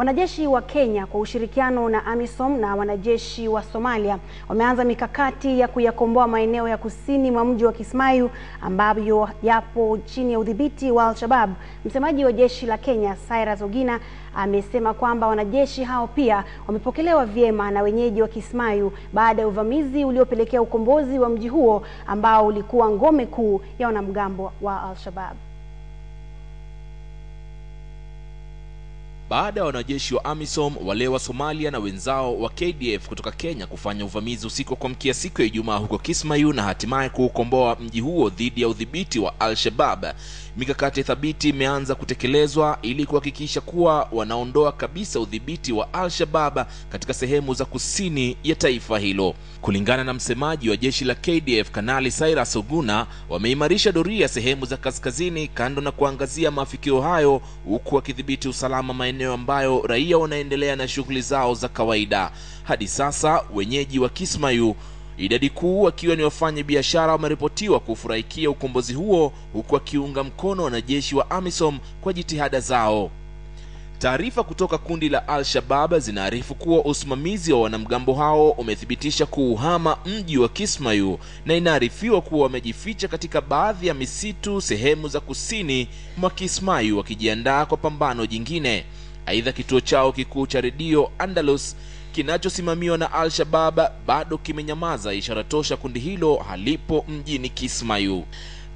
Wanajeshi wa Kenya kwa ushirikiano na AMISOM na wanajeshi wa Somalia wameanza mikakati ya kuyakomboa maeneo ya kusini mwa mji wa Kismayu ambayo yapo chini ya udhibiti wa Al-Shabaab. Msemaji wa jeshi la Kenya, Cyrus Ogina, amesema kwamba wanajeshi hao pia wamepokelewa vyema na wenyeji wa Kismayu baada ya uvamizi uliopelekea ukombozi wa mji huo ambao ulikuwa ngome kuu ya wanamgambo wa Al-Shabaab. baada ya wanajeshi wa AMISOM wale wa Somalia na wenzao wa KDF kutoka Kenya kufanya uvamizi usiku kwa mkia siku ya Ijumaa huko Kismayu na hatimaye kuukomboa mji huo dhidi ya udhibiti wa Al-Shabab. Mikakati thabiti imeanza kutekelezwa ili kuhakikisha kuwa wanaondoa kabisa udhibiti wa Al-Shabab katika sehemu za kusini ya taifa hilo. Kulingana na msemaji wa jeshi la KDF Kanali Cyrus Oguna, wameimarisha doria sehemu za kaskazini kando na kuangazia maafikio hayo, huku wakidhibiti usalama maeneo ambayo raia wanaendelea na shughuli zao za kawaida. Hadi sasa wenyeji wa Kismayu Idadi kuu wakiwa ni wafanya biashara wameripotiwa kufurahikia ukombozi huo huku wakiunga mkono wanajeshi wa AMISOM kwa jitihada zao. Taarifa kutoka kundi la Al-Shabab zinaarifu kuwa usimamizi wa wanamgambo hao umethibitisha kuuhama mji wa Kismayu na inaarifiwa kuwa wamejificha katika baadhi ya misitu sehemu za kusini mwa Kismayu wakijiandaa kwa pambano jingine. Aidha, kituo chao kikuu cha redio Andalus kinachosimamiwa na Al-Shabab bado kimenyamaza, ishara tosha kundi hilo halipo mjini Kismayu.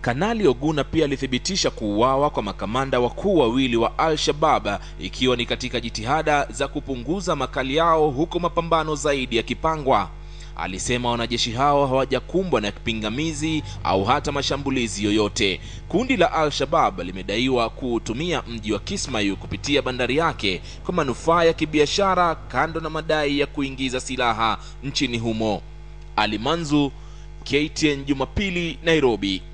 Kanali Oguna pia alithibitisha kuuawa kwa makamanda wakuu wawili wa Al-Shabab ikiwa ni katika jitihada za kupunguza makali yao huko mapambano zaidi yakipangwa alisema wanajeshi hao hawajakumbwa na pingamizi au hata mashambulizi yoyote. Kundi la Al-Shabab limedaiwa kuutumia mji wa Kismayu kupitia bandari yake kwa manufaa ya kibiashara, kando na madai ya kuingiza silaha nchini humo. Ali Manzu, KTN Jumapili, Nairobi.